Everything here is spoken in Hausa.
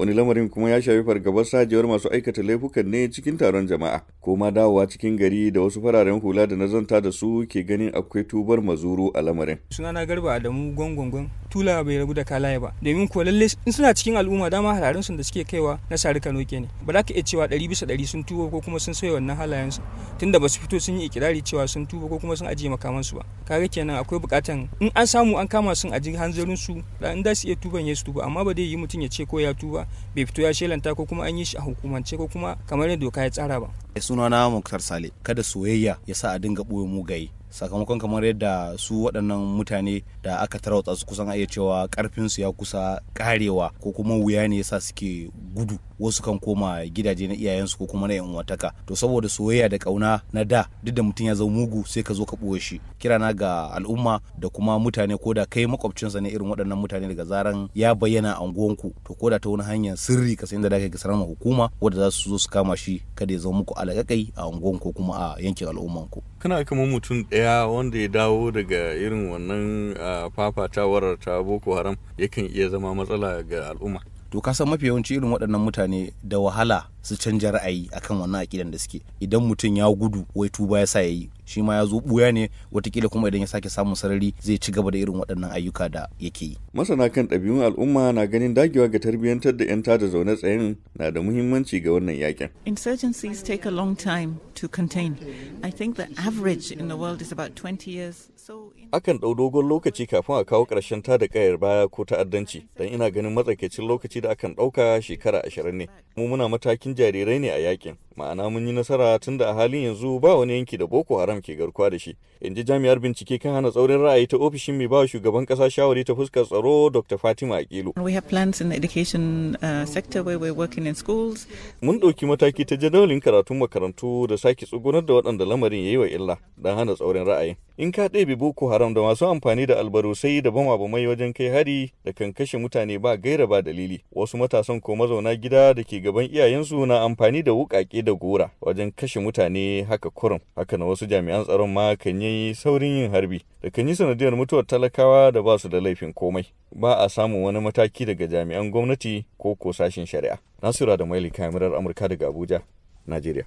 wani lamarin kuma ya shafi fargabar sajewar masu aikata laifukan ne cikin taron jama'a ko ma dawowa cikin gari da wasu fararen hula da zanta da su ke ganin akwai tubar mazuru a lamarin sunana garba adamu gwangwangwan tula bai rabu da kalaye ba domin ko lalle in suna cikin al'umma dama halarin sun da suke kaiwa na sari kano ne ba za ka iya cewa ɗari bisa ɗari sun tuba ko kuma sun sauya wannan halayen su tunda ba su fito sun yi ikirari cewa sun tuba ko kuma sun ajiye makaman su ba kaga kenan akwai bukatan in an samu an kama sun aji hanzarin su da in da su iya tuban ya su tuba amma ba dai yi mutum ya ce ko ya tuba bai fito ya shelanta ko kuma an yi shi a hukumance ko kuma kamar yadda doka ya tsara ba Eh, suna na muktar sale kada soyayya ya sa a dinga ɓoye mugaye sakamakon kamar yadda su waɗannan mutane da aka tarauta su kusan iya cewa ƙarfinsu ya kusa ƙarewa ko kuma wuya ne ya sa suke gudu wasu kan koma gidaje na iyayensu ko kuma na yan uwataka to saboda soyayya da kauna na da duk da mutum ya zama mugu sai ka zo ka buwe shi kirana ga al'umma da kuma mutane ko da kai makwabcinsa ne irin waɗannan mutane daga zaran ya bayyana a unguwanku to ko da ta wani hanyar sirri ka sayin da zaka sanar ma hukuma wanda za su zo su kama shi kada ya zama muku alaƙaƙai a unguwanku kuma a yankin al'ummanku kana kamar mutum ɗaya wanda ya dawo daga irin wannan ah, fafatawar ta boko haram yakan iya zama matsala ga al'umma to ka san mafi yawanci irin waɗannan mutane da wahala su canja ra'ayi akan wannan aƙidan da suke idan mutum ya gudu wai tuba ya sa yayi shi ma ya zo buya ne watakila kuma idan ya sake samun sarari zai ci gaba da irin waɗannan ayyuka da yake yi. Masana kan ɗabi'un al'umma na ganin dagewa ga tarbiyyantar da 'yan tada zaune tsayin na da muhimmanci ga wannan yakin. Insurgencies take a long time to contain. I think the average in the world is about 20 years. Akan ɗau dogon lokaci kafin a kawo ƙarshen tada ƙayar baya ko ta'addanci, don ina ganin matsakaicin lokaci da akan ɗauka shekara ashirin ne. Mu muna matakin jarirai ne a yakin. ma'ana mun yi nasara tunda a halin yanzu ba wani yanki da boko haram ke garkuwa da shi in ji jami'ar bincike kan hana tsaurin ra'ayi ta ofishin mai ba shugaban kasa shawari ta fuskar tsaro dr fatima akilu we have plans in the education uh, sector where we're working in schools mun ɗauki mataki ta jadawalin karatun makarantu da sake tsugunar da waɗanda lamarin yayi wa illa don hana tsaurin ra'ayi in ka ɗebe boko haram da masu amfani da albarusai da bama bamai wajen kai hari da kan kashe mutane ba gaira ba dalili wasu matasan ko mazauna gida da ke gaban iyayensu na amfani da wuƙaƙe da da gora wajen kashe mutane haka kurum haka na wasu jami'an tsaron ma kan yi saurin yin harbi da kan yi sanadiyar mutuwar talakawa da ba su da laifin komai ba a samun wani mataki daga jami'an gwamnati ko ko sashen shari'a nasira da maili kamarar amurka daga abuja najeriya